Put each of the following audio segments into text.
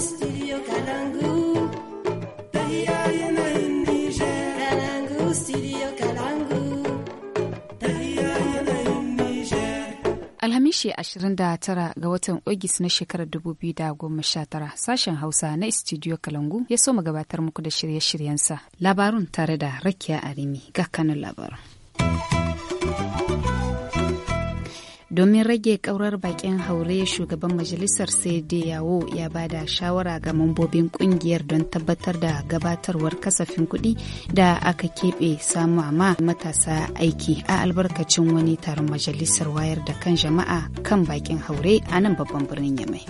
studio Kalangu. Tahiya yana Niger. Kalangu studio Kalangu. Tahiya yana Niger. Alhamishi 29 ga watan Ogis na shekarar 2019 sashen Hausa na Studio Kalangu ya so gabatar muku da shirye-shiryensa. Labarun tare da Rakiya Arimi ga kanun labarun. domin rage kaurar bakin haure shugaban majalisar sai yawo ya ba da shawara ga mambobin kungiyar don tabbatar da gabatarwar kasafin kuɗi da aka keɓe samu ma matasa aiki a albarkacin wani taron majalisar wayar da kan jama'a kan bakin haure a nan babban birnin yamai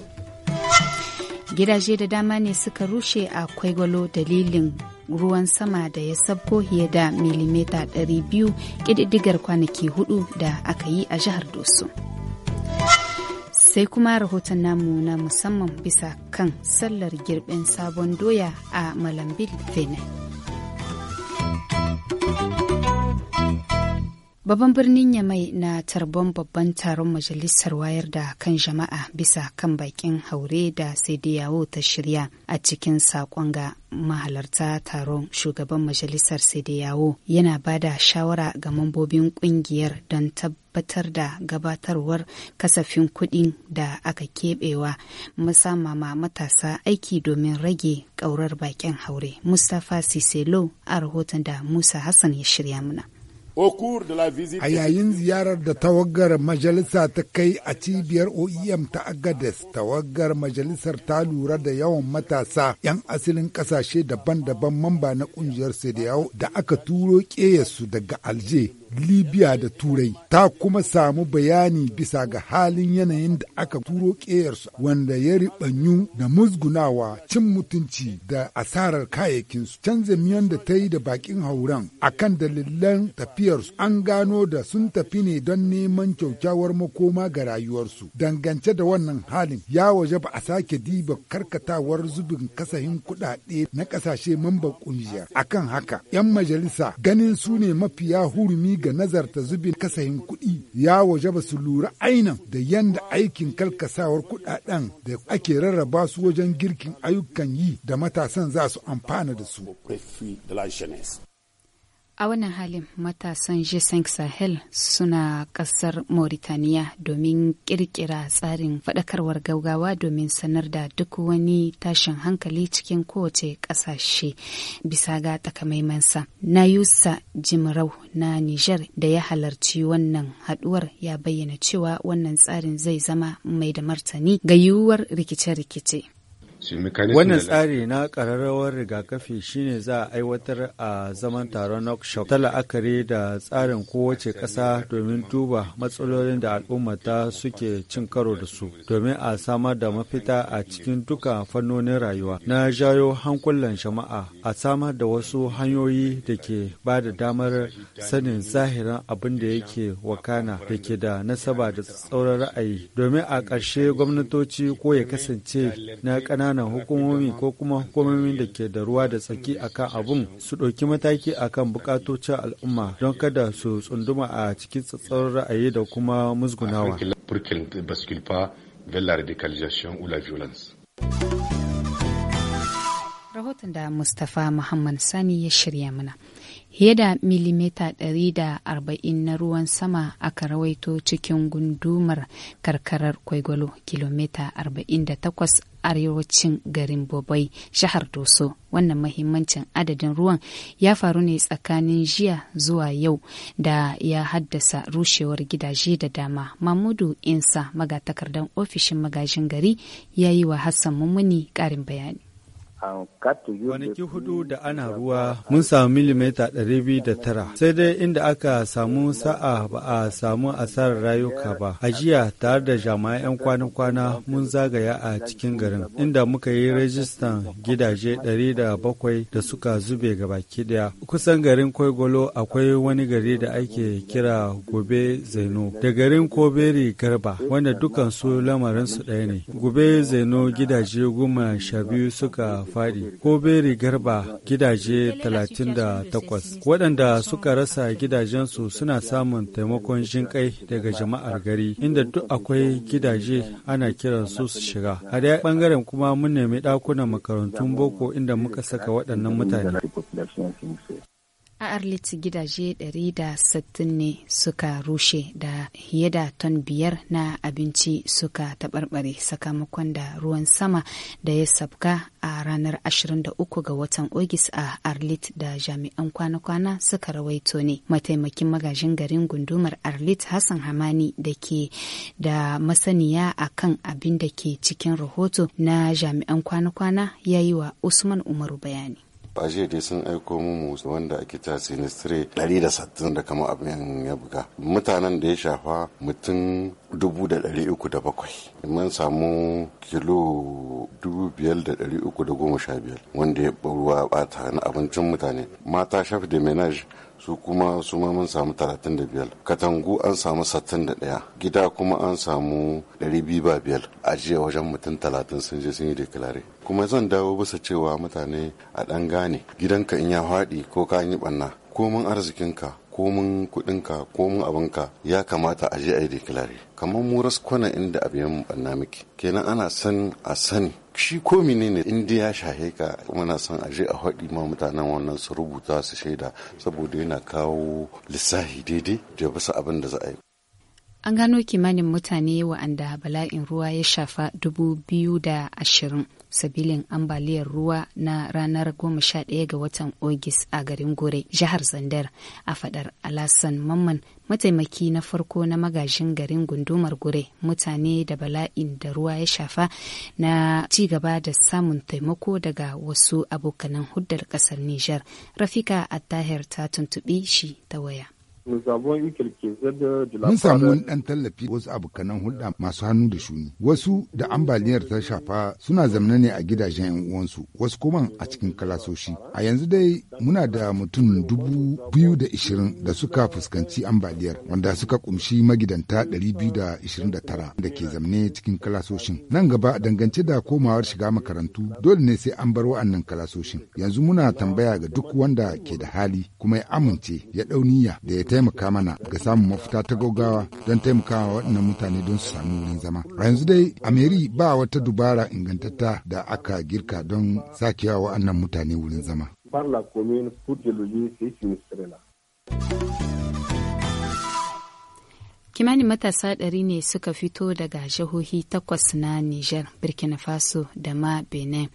gidaje da dama ne suka rushe a kwaigwalo dalilin ruwan sama da ya sabko fiye da milimeta 200 ƙididdigar kwanaki hudu da aka yi a jihar doso sai kuma rahoton namu na musamman bisa kan sallar girbin sabon doya a malambil benin Babban birnin Yamai na tarbon babban taron majalisar wayar da kan jama'a bisa kan bakin haure da sai yawo ta shirya a cikin saƙon ga mahalarta taron shugaban majalisar sai yawo yana ba da shawara ga mambobin ƙungiyar don tabbatar da gabatarwar kasafin kuɗin da aka keɓewa musamman ma matasa aiki domin rage ƙaurar bakin haure. Mustapha Siselo a rahoton da Musa Hassan ya shirya mana. A yayin ziyarar da tawagar majalisa ta kai a cibiyar OEM ta Agades, tawagar majalisar ta lura da yawan matasa 'yan asalin kasashe daban-daban mamba na kungiyar CDAO da aka turo su daga Alje libya da turai ta kuma samu bayani bisa ga halin yanayin da aka turo ƙeyarsu wanda ya riɓanyu da musgunawa cin mutunci da asarar kayayyakinsu canza miyan da ta yi da bakin hauren akan dalilan tafiyarsu an gano da sun tafi ne don neman kyaukyawar makoma ga rayuwarsu dangance da wannan halin ya waje ba a sake diba karkatawar zubin kasahin kuɗaɗe na ƙasashe mamban ƙungiyar akan haka 'yan majalisa ganin su ne mafiya hurumi ga nazarta zubin kasahin kuɗi ya waje ba su lura ainan da yanda aikin kalkasawar kuɗaɗen da ake rarraba su wajen girkin ayyukan yi da matasan za su amfana da su. A wannan halin matasan G5 Sahel suna ƙasar Mauritaniya domin kirkira tsarin faɗakarwar gaugawa domin sanar da duk wani tashin hankali cikin kowace ƙasashe bisa ga takamaimansa. Na Yusa Jimrau na Nijar da ya halarci wannan haɗuwar ya bayyana cewa wannan tsarin zai zama mai da martani ga yiwuwar rikice-rikice. Wannan tsari na ƙararrawar rigakafi shine za a aiwatar a zaman taron Nokshop ta la'akari da tsarin kowace ƙasa domin duba matsalolin da al'ummata suke cin karo da su domin a samar da mafita a cikin duka fannonin rayuwa na jayo hankulan jama'a a samar da wasu hanyoyi da ke ba da damar sanin zahirin abin da yake wakana da ke da nasaba da tsauran ra'ayi domin a ƙarshe gwamnatoci ko ya kasance na ƙananan ƙananan hukumomi ko kuma hukumomin da ke da ruwa da tsaki akan abun su ɗauki mataki akan bukatocin al'umma don kada su tsunduma a cikin tsatsar ra'ayi da kuma musgunawa. Rahoton da Mustapha Muhammad Sani ya shirya mana. fiye da milimita arba'in na ruwan sama aka rawaito cikin gundumar karkarar kwaigwalo kilomita arba'in da takwas. arewacin garin Bobai, shahar Doso. Wannan mahimmancin adadin ruwan ya faru ne tsakanin jiya zuwa yau da ya haddasa rushewar gidaje da dama. Mamudu Insa magatakardan ofishin magajin gari ya yi wa Hassan Mummuni ƙarin bayani. Kwanaki hudu da ana ruwa mun samu milimita ɗari biyu da tara. Sai dai inda aka samu sa'a ba a samu asarar rayuka ba. A jiya tare da jama'a 'yan kwana-kwana mun zagaya a cikin garin inda muka yi rajistan gidaje ɗari da bakwai da suka zube gabaki ɗaya. Kusan garin Kwaigolo akwai wani gari da ake kira Gobe Zaino da garin Koberi Garba wanda dukansu lamarinsu ɗaya ne. Gobe Zaino gidaje goma sha biyu suka fari ko Beri Garba gidaje 38 waɗanda suka rasa gidajensu suna samun taimakon jinƙai daga jama'ar gari inda duk akwai gidaje ana kiran su su shiga. A daya ɓangaren kuma mun nemi ɗakunan makarantun boko inda muka saka waɗannan mutane. a arlit gidaje 160 ne suka rushe da fiye da ton biyar na abinci suka taɓarɓare sakamakon da ruwan sama da ya sabka a ranar 23 ga watan ogis a arlit da jami'an kwana-kwana suka rawaito ne mataimakin magajin garin gundumar arlit hassan hamani da ke da masaniya a kan abin da ke cikin rahoto na jami'an kwana-kwana ya yi wa usman umaru bayani a jiya dai sun aiko mu wanda ake ta sinistire 160 da kama abin ya buga mutanen da ya shafa mutum 307 mun samu kilo 5,315 wanda ya ruwa bata na abincin mutane mata shafi da menage su kuma su ma mun samu 35 katangu an samu 61 gida kuma an samu 205 a jiya wajen mutum 30 sun je sun yi deklare kuma zan dawo bisa cewa mutane a ɗan gane gidanka in ya faɗi ko ka yi ɓanna komin arzikinka komin kuɗinka komin abinka ya kamata a je a yi deklare kamar mu raskwana inda abin banna miki kenan ana san a sani shi ko ne inda ya shahe ka muna son a je a haɗi ma mutanen wannan su rubuta su shaida saboda yana kawo lissahi daidai da bisa abin da za a yi An gano kimanin mutane wa'anda bala'in ruwa ya shafa dubu biyu da ashirin sabilin ambaliyar ruwa na ranar goma sha ɗaya ga watan Ogis a garin Gore, jihar Zandar, a fadar Alasan Mamman mataimaki na farko na magajin garin gundumar Gore mutane da bala'in da ruwa ya shafa na ci gaba da samun taimako daga wasu abokanan huddar ƙasar Nijar. Rafika a tahir ta tuntuɓi shi ta waya. Mun samu wani ɗan tallafi wasu abokanan hulɗa masu hannu da shuni. Wasu da ambaliyar ta shafa suna zamne ne a gidajen 'yan uwansu, wasu kuma a cikin kalasoshi. A yanzu dai muna da mutum dubu biyu da ishirin da suka fuskanci ambaliyar wanda suka kumshi magidanta ɗari biyu da ishirin da tara da ke zamne cikin kalasoshin. Nan gaba dangance da komawar shiga makarantu dole ne sai an bar wa'annan kalasoshin. Yanzu muna tambaya ga duk wanda ke da hali kuma ya amince ya ɗauniya da ya taimaka mana ga samun mafita ta gaugawa don taimakawa waɗannan mutane don su samu wurin zama. A yanzu dai ameri ba wata dubara ingantatta da aka girka don sakewa waɗannan mutane wurin zama. kimanin matasa ɗari ne suka fito daga jihohi takwas na Nijar, Burkina Faso da ma Benin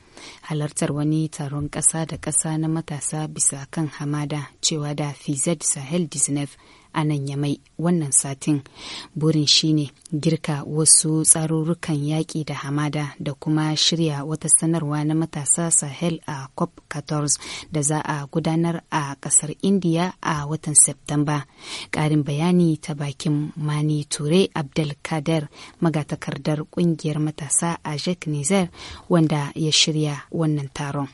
halartar wani taron ƙasa da ƙasa na matasa bisa kan hamada cewa da FZ Sahel Disnef a nan yamai wannan satin burin shine girka wasu tsarurrukan yaƙi da hamada da kuma shirya wata sanarwa na matasa sahel a cop 14 da za a gudanar a ƙasar indiya a watan septamba ƙarin bayani ta bakin mani ture abdulkader magatakardar ƙungiyar matasa a jacques nizer wanda ya shirya wannan taron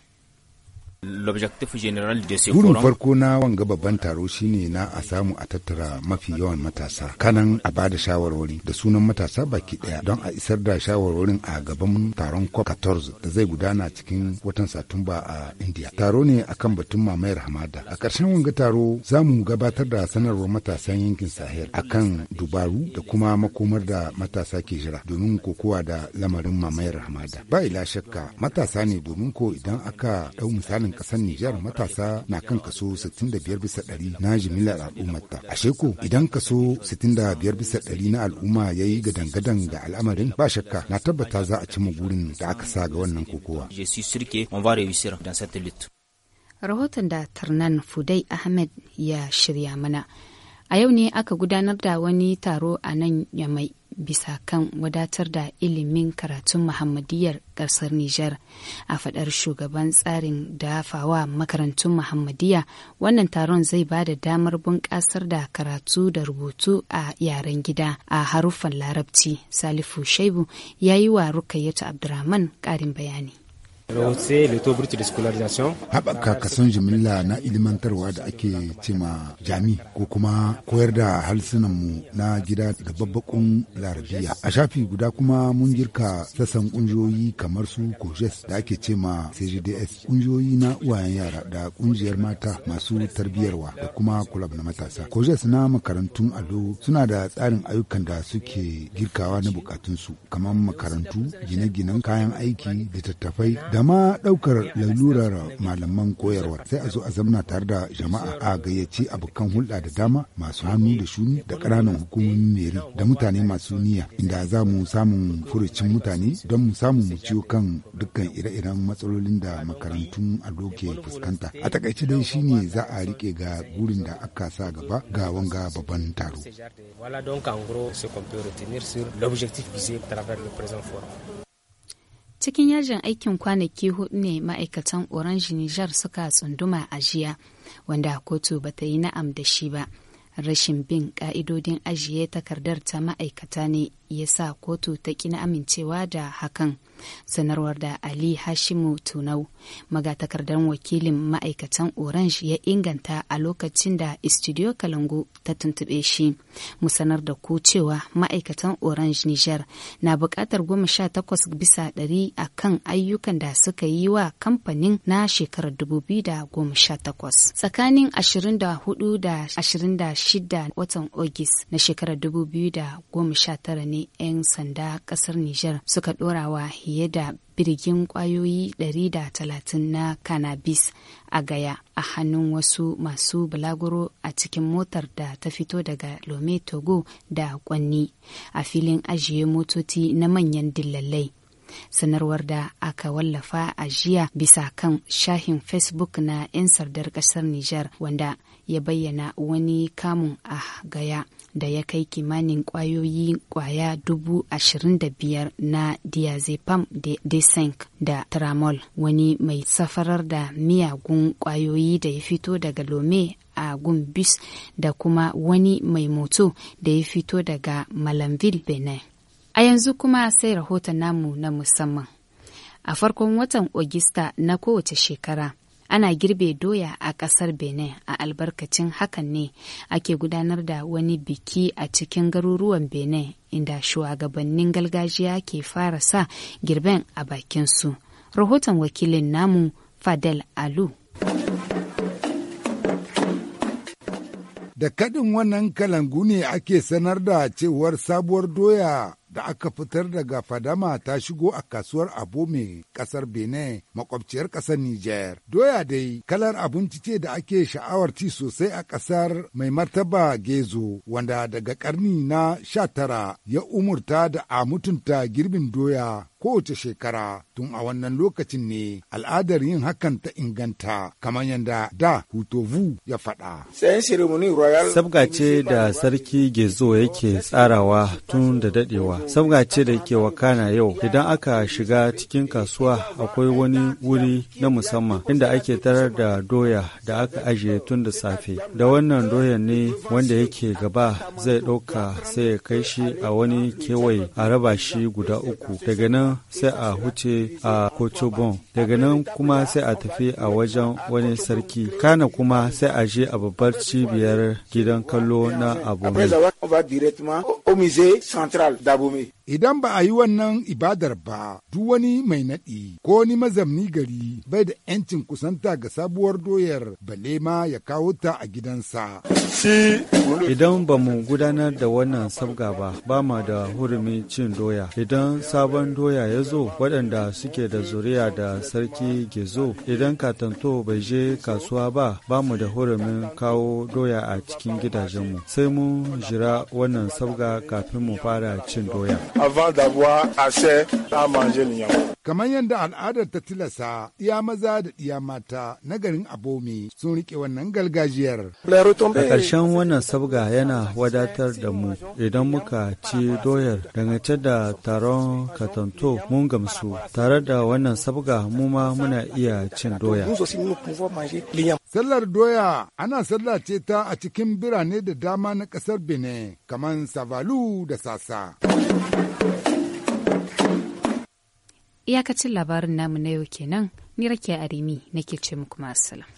général forum farko na wanga babban taro shine na a samu a tattara mafi yawan matasa, kanan a bada shawarwari da sunan matasa baki daya don a isar da shawarwarin a gaban taron COP14 da zai gudana cikin watan Satumba a India. Taro ne akan batun mamayar hamada. A ƙarshen wanga taro za mu gabatar da sanarwar matasan yankin Sahel akan dubaru da kuma makomar da matasa ke jira domin kokowa da lamarin mamayar hamada. Ba ila shakka matasa ne domin ko idan aka ɗau misalin nan kasar Nijar matasa na kan kaso 65 bisa ɗari na jimillar al'ummarta. a sheku idan kaso 65 bisa ɗari na al'umma ya yi ga dangadan ga al'amarin ba shakka na tabbata za a cimma gurin da aka sa ga wannan kokowa. Rahoton da Tarnan Fudai Ahmed ya shirya mana. A yau ne aka gudanar da wani taro a nan ya mai. bisa kan wadatar da ilimin karatun Muhammadiyar ƙasar Nijar a faɗar shugaban tsarin dafawa makarantun muhammadiyya wannan taron zai ba da damar bunƙasar da karatu da rubutu a yaren gida a haruffan larabci salifu shaibu ya yi wa rukayyatu abdurrahman ƙarin bayani rahotse le de scolarisation haɓaka kasan jimilla na ilimantarwa da ake cema jami ko kuma koyar da harsunan mu na gida da babbakun larabiya a shafi guda kuma mun girka sassan kungiyoyi kamar su kojes da ake cema cgds kungiyoyi na uwayen yara da kungiyar mata masu tarbiyarwa da kuma kulab na matasa kojes na makarantun allo suna da tsarin ayyukan da suke girkawa na bukatunsu kamar makarantu gine-ginen kayan aiki littattafai da da ma ɗaukar lalurar malaman koyarwar sai a zo a zamna tare da jama'a a gayyaci abokan hulɗa da dama masu hannu da shuni da ƙananan hukumomin meri da mutane masu niyya inda za mu samun furucin mutane don mu samu mu ciwo kan dukkan ire-iren matsalolin da makarantun ado ke fuskanta a takaice dai shine za a rike ga gurin da aka sa gaba ga wanga babban taro. Cikin yajin aikin kwanaki hudu ne ma'aikatan Orange niger suka tsunduma a jiya, wanda kotu ba ta yi na'am da shi ba. Rashin bin ka'idodin ajiye takardar ta ma'aikata ne ya sa kotu ta ƙi na amincewa da hakan sanarwar da ali hashimu tunau magatakardan wakilin ma'aikatan orange ya inganta a lokacin da studio kalangu ta tuntube shi mu sanar da ku cewa ma'aikatan orange niger na bukatar goma sha takwas bisa ɗari a kan ayyukan da suka yi wa kamfanin na shekarar dubu biyu da goma sha takwas tsakanin ashirin da hudu da ashirin da shida watan ogis na shekarar dubu biyu da goma sha tara ne 'yan sanda kasar Nijar suka wa fiye da birgin kwayoyi 130 na cannabis a gaya a hannun wasu masu bulaguro a cikin motar da ta fito daga Lome Togo da Kwanni a filin ajiye motoci na manyan dillalai. sanarwar da aka wallafa a jiya bisa kan shahin facebook na 'yan sardar kasar Nijar wanda ya bayyana wani kamun a gaya da ya kai kimanin ƙwayoyin ƙwaya dubu ashirin da biyar na diazepam desank da tramol wani mai safarar da miyagun ƙwayoyi da ya fito daga lome a gumbis da kuma wani mai moto da ya fito daga malamville benin a yanzu kuma sai rahoton namu na musamman a farkon watan Ogista na kowace shekara ana girbe doya a ƙasar benin a albarkacin hakan ne ake gudanar da wani biki a cikin garuruwan benin inda shugabannin gargajiya ke fara sa girben a bakin su rahoton wakilin namu fadel alu da kaɗin wannan kalangu ne ake sanar da cewar sabuwar doya da aka fitar daga fadama ta shigo a kasuwar abome kasar benin makwabciyar kasar niger doya dai kalar abinci ce da ake sha'awar ci sosai a kasar mai martaba gezo wanda daga karni na sha tara ya umurta da a mutunta girbin doya kowace shekara tun a wannan lokacin ne al'adar yin hakan ta inganta kamar yadda da hutovu ya faɗa. sabga ce da sarki gezo yake tsarawa tun da dadewa sabga ce da ke wakana yau idan aka shiga cikin kasuwa akwai wani wuri na musamman inda ake tarar da doya da aka ajiye tun da safe da wannan doyan ne wanda yake gaba zai ɗauka sai ya kai shi a wani kewaye a raba shi guda uku daga nan sai a huce a kotobon daga nan kuma sai a tafi a wajen wani sarki kana kuma sai a je a babbar cibiyar gidan kallo na abu au musée central d'Abomey. Idan ba a yi wannan ibadar ba, duk wani mai naɗi ko wani mazamni gari bai da ‘yancin kusanta ga sabuwar doyar bale ma ya kawo ta a gidansa. Idan ba mu gudanar da wannan sabga ba, ba ma da hurumin cin doya. Idan sabon doya ya zo waɗanda suke da zuriya da sarki gizo, idan katanto bai je kasuwa ba, ba mu da hurumin kawo doya a cikin gidajenmu. Sai mun jira wannan sabga kafin mu fara cin doya. avant d'avoir à manger Kamar yadda al'adar ta tilasa, iya maza da iya mata na garin abomi sun rike wannan gargajiyar. A ƙarshen wannan sabga yana wadatar da mu idan muka ci doyar dangance da taron katanto mun gamsu tare da wannan sabga mu ma muna iya cin doya. Sallar doya ana sallar ce ta a cikin birane da dama na ƙasar Benin kamar Savalu da Sasa. Iyakacin labarin namu na yau kenan ni rake arimi nake ce muku masu salam.